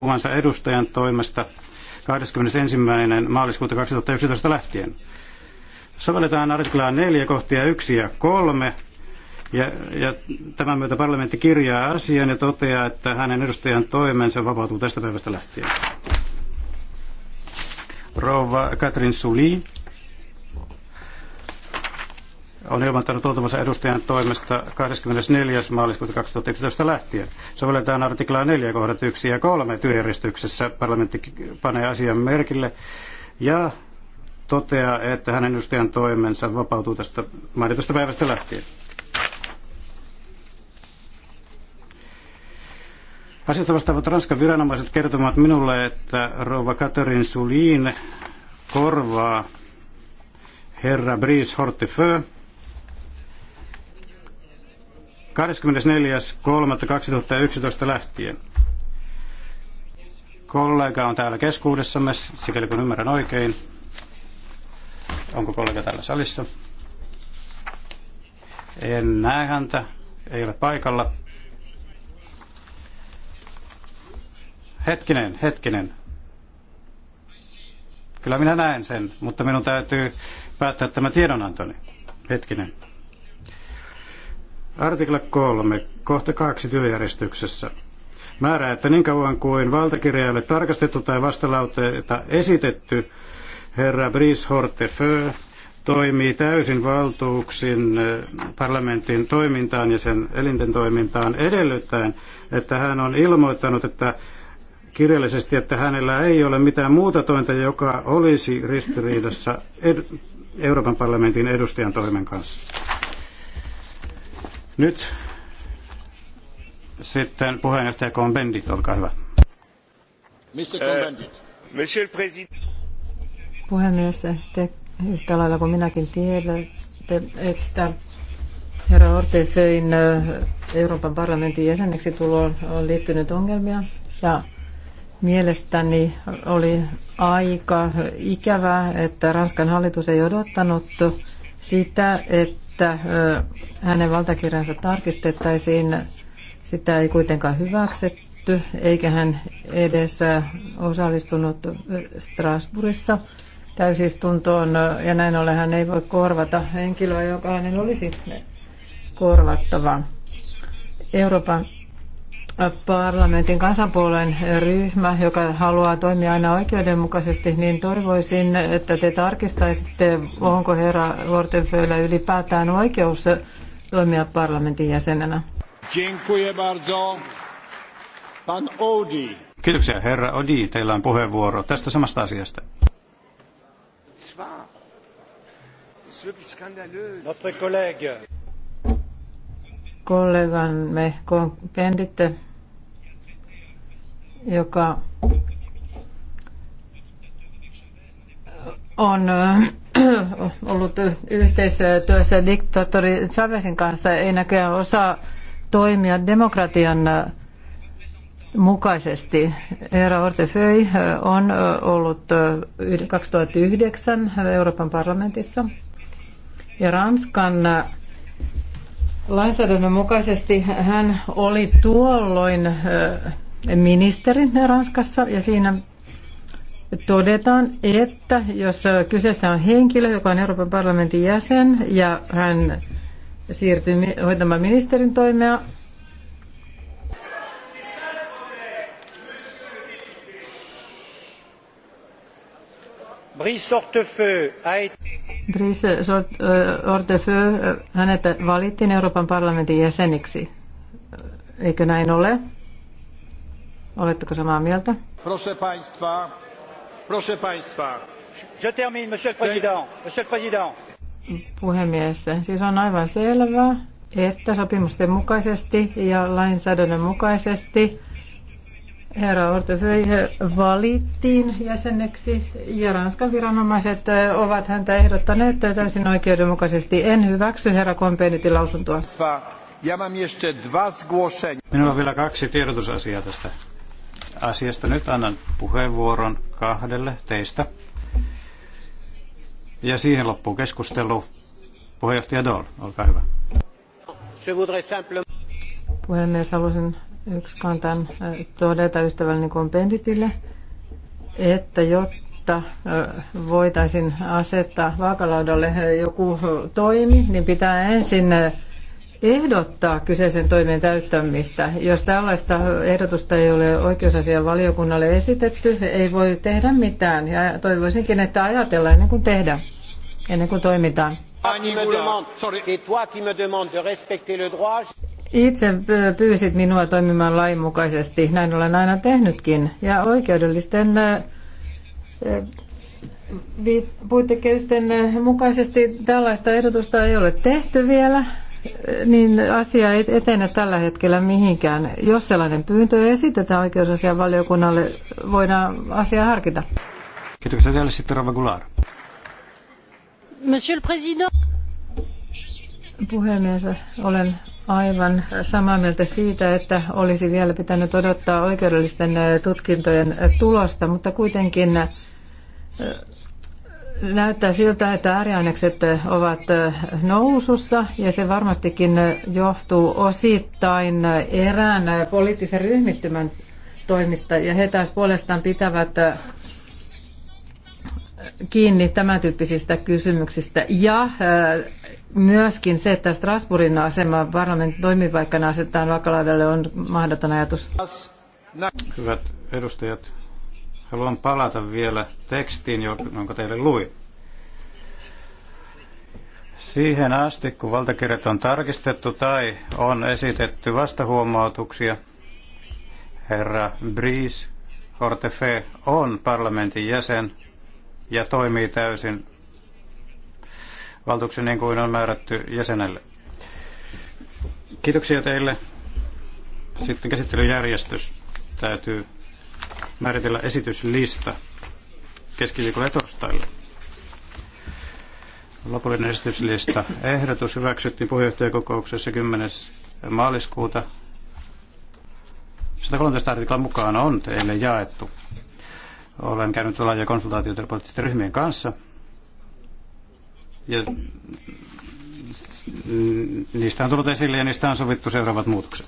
puhuvansa edustajan toimesta 21. maaliskuuta 2011 lähtien. Sovelletaan artiklaa 4 kohtia 1 ja 3 ja, ja tämän myötä parlamentti kirjaa asian ja toteaa, että hänen edustajan toimensa vapautuu tästä päivästä lähtien. Rouva Katrin Suli on ilmoittanut tuntumansa edustajan toimesta 24. maaliskuuta 2011 lähtien. Sovelletaan artiklaa 4 kohdat 1 ja 3 työjärjestyksessä. Parlamentti panee asian merkille ja toteaa, että hänen edustajan toimensa vapautuu tästä mainitusta päivästä lähtien. Asiasta vastaavat Ranskan viranomaiset kertovat minulle, että rouva Catherine Sulin korvaa herra Brice Hortefeux 24.3.2011 lähtien. Kollega on täällä keskuudessamme, sikäli kun ymmärrän oikein. Onko kollega täällä salissa? En näe häntä, ei ole paikalla. Hetkinen, hetkinen. Kyllä minä näen sen, mutta minun täytyy päättää tämä tiedonantoni. Hetkinen. Artikla 3, kohta 2 työjärjestyksessä. Määrää, että niin kauan kuin valtakirja ei ole tarkastettu tai vastalauteita esitetty, herra Brice Hortefeux toimii täysin valtuuksin eh, parlamentin toimintaan ja sen elinten toimintaan edellyttäen, että hän on ilmoittanut, että kirjallisesti, että hänellä ei ole mitään muuta tointa, joka olisi ristiriidassa Euroopan parlamentin edustajan toimen kanssa. Nyt sitten puheenjohtaja Cohn-Bendit, olkaa hyvä. Mr. Eh, Monsieur Puhemies, te yhtä lailla kuin minäkin tiedätte, että herra Orteföin eh, Euroopan parlamentin jäseneksi tuloon on liittynyt ongelmia ja mielestäni oli aika ikävää, että Ranskan hallitus ei odottanut sitä, että että hänen valtakirjansa tarkistettaisiin, sitä ei kuitenkaan hyväksytty, eikä hän edes osallistunut Strasbourgissa täysistuntoon, ja näin ollen hän ei voi korvata henkilöä, joka hänen olisi korvattava. Euroopan parlamentin kansanpuolueen ryhmä, joka haluaa toimia aina oikeudenmukaisesti, niin toivoisin, että te tarkistaisitte, onko herra Vortenföllä ylipäätään oikeus toimia parlamentin jäsenenä. Kiitoksia herra Odi, teillä on puheenvuoro tästä samasta asiasta. Kollegamme Kohn Penditte joka on äh, ollut yhteistyössä diktaattori Chavezin kanssa, ei näköjään osaa toimia demokratian äh, mukaisesti. Eera Ortefei äh, on ollut 2009 Euroopan parlamentissa ja Ranskan lainsäädännön mukaisesti hän oli tuolloin ministeri Ranskassa ja siinä todetaan, että jos kyseessä on henkilö, joka on Euroopan parlamentin jäsen ja hän siirtyy hoitamaan ministerin toimea, Brice Hortefeux, hänet valittiin Euroopan parlamentin jäseniksi. Eikö näin ole? Oletteko samaa mieltä? Proszę państwa, proszę państwa. Je termine, monsieur le président. Monsieur le président. Puhemies, siis on aivan selvää, että sopimusten mukaisesti ja lainsäädännön mukaisesti herra Ortefeuille valittiin jäseneksi ja Ranskan viranomaiset ovat häntä ehdottaneet täysin oikeudenmukaisesti. En hyväksy herra Kompenitin lausuntoa. Minulla on vielä kaksi tiedotusasiaa tästä asiasta. Nyt annan puheenvuoron kahdelle teistä. Ja siihen loppuu keskustelu. Puheenjohtaja Dole, olkaa hyvä. Puhemies, haluaisin yksi kantan äh, todeta ystävälleni kompenditille, että jotta äh, voitaisiin asettaa vaakalaudalle äh, joku toimi, niin pitää ensin ehdottaa kyseisen toimen täyttämistä. Jos tällaista ehdotusta ei ole oikeusasian valiokunnalle esitetty, ei voi tehdä mitään. Ja toivoisinkin, että ajatellaan ennen kuin tehdään, ennen kuin toimitaan. Itse äh, pyysit minua toimimaan lainmukaisesti. Näin olen aina tehnytkin. Ja oikeudellisten äh, äh, puittekehysten mukaisesti tällaista ehdotusta ei ole tehty vielä niin asia ei etene tällä hetkellä mihinkään. Jos sellainen pyyntö esitetään oikeusasian valiokunnalle, voidaan asiaa harkita. Kiitoksia vielä sitten Rava Goulart. Monsieur le Président. Puhemies, olen aivan samaa mieltä siitä, että olisi vielä pitänyt odottaa oikeudellisten tutkintojen tulosta, mutta kuitenkin näyttää siltä, että ääriainekset ovat nousussa ja se varmastikin johtuu osittain erään poliittisen ryhmittymän toimista ja he taas puolestaan pitävät kiinni tämän tyyppisistä kysymyksistä. Ja äh, myöskin se, että Strasbourgin asema parlamentin toimipaikkana asetetaan vakalaudalle on mahdoton ajatus. Hyvät edustajat, Haluan palata vielä tekstiin, jonka teille luin. Siihen asti, kun valtakirjat on tarkistettu tai on esitetty vastahuomautuksia, herra Brice Hortefe on parlamentin jäsen ja toimii täysin valtuuksen niin kuin on määrätty jäsenelle. Kiitoksia teille. Sitten käsittelyjärjestys täytyy määritellä esityslista keskiviikolla ja torstaille. Lopullinen esityslista ehdotus hyväksyttiin puheenjohtajakokouksessa 10. maaliskuuta. 113 artiklan mukaan on teille jaettu. Olen käynyt laajia konsultaatioita poliittisten ryhmien kanssa. Ja niistä on tullut esille ja niistä on sovittu seuraavat muutokset.